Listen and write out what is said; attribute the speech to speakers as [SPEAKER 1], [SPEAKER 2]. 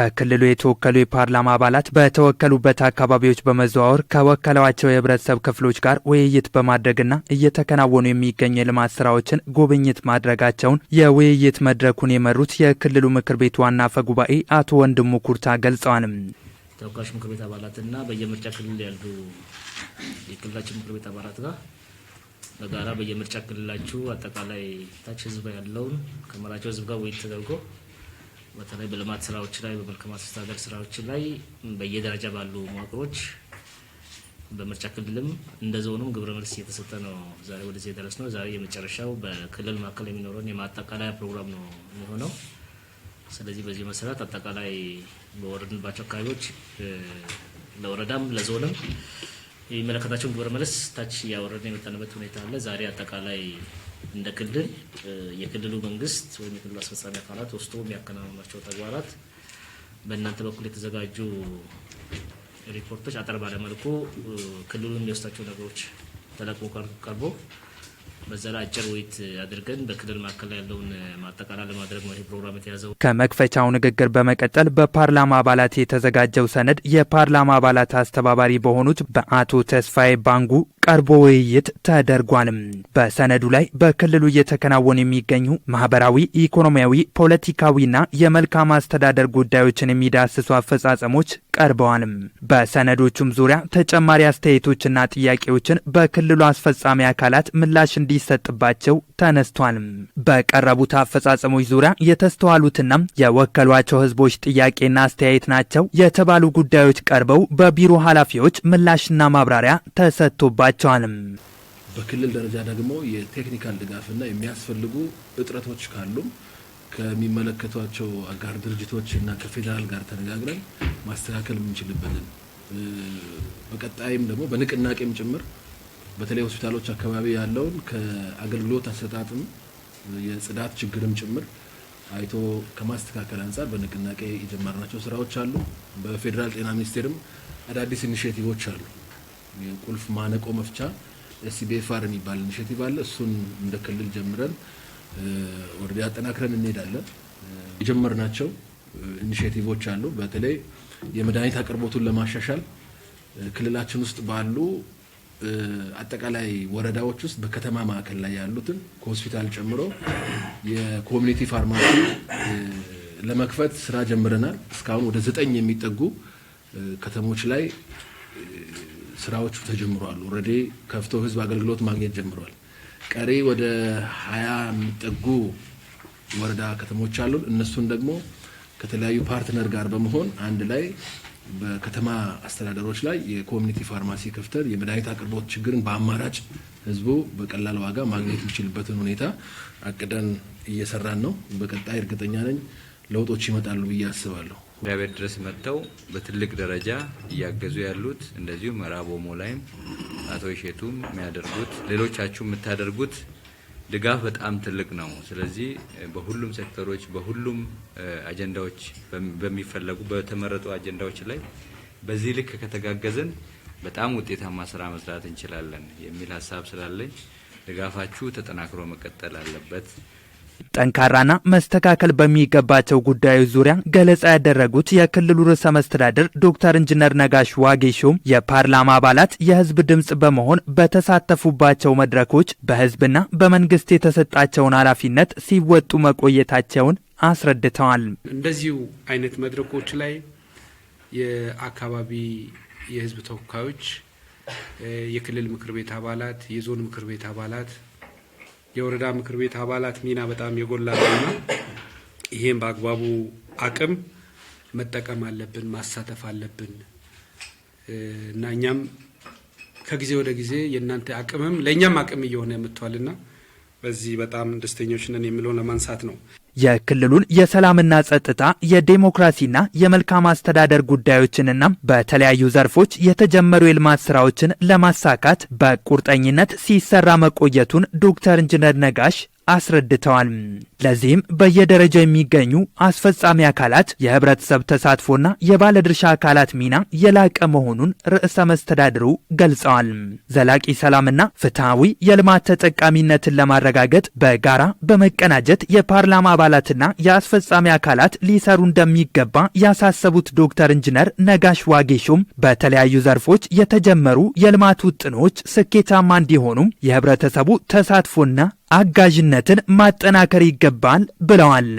[SPEAKER 1] ከክልሉ የተወከሉ የፓርላማ አባላት በተወከሉበት አካባቢዎች በመዘዋወር ከወከሏቸው የህብረተሰብ ክፍሎች ጋር ውይይት በማድረግና እየተከናወኑ የሚገኙ የልማት ስራዎችን ጉብኝት ማድረጋቸውን የውይይት መድረኩን የመሩት የክልሉ ምክር ቤት ዋና አፈ ጉባኤ አቶ ወንድሙ ኩርታ ገልጸዋል።
[SPEAKER 2] ተወካዮች ምክር ቤት አባላትና በየምርጫ ክልል ያሉ የክልላችን ምክር ቤት አባላት ጋር በጋራ በየምርጫ ክልላችሁ አጠቃላይ ታች ህዝብ ያለውን ከመራቸው ህዝብ ጋር ውይይት ተደርጎ በተለይ በልማት ስራዎች ላይ በመልካም አስተዳደር ስራዎች ላይ በየደረጃ ባሉ መዋቅሮች በምርጫ ክልልም እንደ ዞኑም ግብረ መልስ እየተሰጠ ነው። ዛሬ ወደዚህ የደረስ ነው። ዛሬ የመጨረሻው በክልል መካከል የሚኖረውን የማጠቃለያ ፕሮግራም ነው የሚሆነው። ስለዚህ በዚህ መሰረት አጠቃላይ በወረድንባቸው አካባቢዎች ለወረዳም ለዞንም የሚመለከታቸውን ግብረ መልስ ታች እያወረድን የመጣንበት ሁኔታ አለ። ዛሬ አጠቃላይ እንደ ክልል የክልሉ መንግስት ወይም የክልሉ አስፈጻሚ አካላት ወስዶ የሚያከናውናቸው ተግባራት በእናንተ በኩል የተዘጋጁ ሪፖርቶች አጠር ባለመልኩ ክልሉ የሚወስዳቸው ነገሮች ተለቅሞ ቀርቦ በዛ ላይ አጭር ውይይት አድርገን በክልል መካከል ያለውን ማጠቃላይ ለማድረግ ነው ይህ ፕሮግራም የተያዘው።
[SPEAKER 1] ከመክፈቻው ንግግር በመቀጠል በፓርላማ አባላት የተዘጋጀው ሰነድ የፓርላማ አባላት አስተባባሪ በሆኑት በአቶ ተስፋዬ ባንጉ ቀርቦ ውይይት ተደርጓልም። በሰነዱ ላይ በክልሉ እየተከናወኑ የሚገኙ ማህበራዊ፣ ኢኮኖሚያዊ፣ ፖለቲካዊና የመልካም አስተዳደር ጉዳዮችን የሚዳስሱ አፈጻጸሞች ቀርበዋልም። በሰነዶቹም ዙሪያ ተጨማሪ አስተያየቶችና ጥያቄዎችን በክልሉ አስፈጻሚ አካላት ምላሽ እንዲሰጥባቸው ተነስቷል። በቀረቡት አፈጻጸሞች ዙሪያ የተስተዋሉትና የወከሏቸው ህዝቦች ጥያቄና አስተያየት ናቸው የተባሉ ጉዳዮች ቀርበው በቢሮ ኃላፊዎች ምላሽና ማብራሪያ ተሰጥቶባቸዋል።
[SPEAKER 3] በክልል ደረጃ ደግሞ የቴክኒካል ድጋፍና የሚያስፈልጉ እጥረቶች ካሉም ከሚመለከቷቸው አጋር ድርጅቶች እና ከፌዴራል ጋር ተነጋግረን ማስተካከል የምንችልበትን በቀጣይም ደግሞ በንቅናቄም ጭምር በተለይ ሆስፒታሎች አካባቢ ያለውን ከአገልግሎት አሰጣጥም የጽዳት ችግርም ጭምር አይቶ ከማስተካከል አንጻር በንቅናቄ የጀመርናቸው ስራዎች አሉ። በፌዴራል ጤና ሚኒስቴርም አዳዲስ ኢኒሽቲቮች አሉ። የቁልፍ ማነቆ መፍቻ ኤስቢኤፍአር የሚባል ኢኒሽቲቭ አለ። እሱን እንደ ክልል ጀምረን ወደ አጠናክረን እንሄዳለን። የጀመርናቸው ኢኒሽቲቮች አሉ። በተለይ የመድኃኒት አቅርቦቱን ለማሻሻል ክልላችን ውስጥ ባሉ አጠቃላይ ወረዳዎች ውስጥ በከተማ ማዕከል ላይ ያሉትን ከሆስፒታል ጨምሮ የኮሚኒቲ ፋርማሲ ለመክፈት ስራ ጀምረናል። እስካሁን ወደ ዘጠኝ የሚጠጉ ከተሞች ላይ ስራዎቹ ተጀምረዋል። ኦልሬዲ ከፍቶ ህዝብ አገልግሎት ማግኘት ጀምሯል። ቀሪ ወደ ሀያ የሚጠጉ ወረዳ ከተሞች አሉን። እነሱን ደግሞ ከተለያዩ ፓርትነር ጋር በመሆን አንድ ላይ በከተማ አስተዳደሮች ላይ የኮሚኒቲ ፋርማሲ ከፍተን የመድኃኒት አቅርቦት ችግርን በአማራጭ ህዝቡ በቀላል ዋጋ ማግኘት የሚችልበትን ሁኔታ አቅደን እየሰራን ነው። በቀጣይ እርግጠኛ ነኝ ለውጦች ይመጣሉ ብዬ አስባለሁ።
[SPEAKER 4] ዳቤት ድረስ መጥተው በትልቅ ደረጃ እያገዙ ያሉት እንደዚሁ ምዕራብ ኦሞ ላይም አቶ ሼቱም የሚያደርጉት ሌሎቻችሁ የምታደርጉት ድጋፍ በጣም ትልቅ ነው። ስለዚህ በሁሉም ሴክተሮች፣ በሁሉም አጀንዳዎች በሚፈለጉ በተመረጡ አጀንዳዎች ላይ በዚህ ልክ ከተጋገዝን በጣም ውጤታማ ስራ መስራት እንችላለን የሚል ሀሳብ ስላለኝ ድጋፋችሁ ተጠናክሮ መቀጠል አለበት።
[SPEAKER 1] ጠንካራና መስተካከል በሚገባቸው ጉዳዮች ዙሪያ ገለጻ ያደረጉት የክልሉ ርዕሰ መስተዳድር ዶክተር ኢንጂነር ነጋሽ ዋጌሾም የፓርላማ አባላት የህዝብ ድምፅ በመሆን በተሳተፉባቸው መድረኮች በህዝብና በመንግስት የተሰጣቸውን ኃላፊነት ሲወጡ መቆየታቸውን አስረድተዋል።
[SPEAKER 5] እንደዚሁ አይነት መድረኮች ላይ የአካባቢ የህዝብ ተወካዮች፣ የክልል ምክር ቤት አባላት፣ የዞን ምክር ቤት አባላት የወረዳ ምክር ቤት አባላት ሚና በጣም የጎላ ነውና ይህም በአግባቡ አቅም መጠቀም አለብን፣ ማሳተፍ አለብን እና እኛም ከጊዜ ወደ ጊዜ የእናንተ አቅምም ለእኛም አቅም እየሆነ መጥቷልና በዚህ በጣም ደስተኞች ነን የሚለውን ለማንሳት ነው።
[SPEAKER 1] የክልሉን የሰላምና ጸጥታ የዴሞክራሲና የመልካም አስተዳደር ጉዳዮችንና በተለያዩ ዘርፎች የተጀመሩ የልማት ስራዎችን ለማሳካት በቁርጠኝነት ሲሰራ መቆየቱን ዶክተር ኢንጂነር ነጋሽ አስረድተዋል። ለዚህም በየደረጃ የሚገኙ አስፈጻሚ አካላት የህብረተሰብ ተሳትፎና የባለድርሻ አካላት ሚና የላቀ መሆኑን ርዕሰ መስተዳድሩ ገልጸዋል። ዘላቂ ሰላምና ፍትሐዊ የልማት ተጠቃሚነትን ለማረጋገጥ በጋራ በመቀናጀት የፓርላማ አባላትና የአስፈጻሚ አካላት ሊሰሩ እንደሚገባ ያሳሰቡት ዶክተር ኢንጂነር ነጋሽ ዋጌሾም በተለያዩ ዘርፎች የተጀመሩ የልማት ውጥኖች ስኬታማ እንዲሆኑም የህብረተሰቡ ተሳትፎና አጋዥነትን ማጠናከር ይገባል ብለዋል።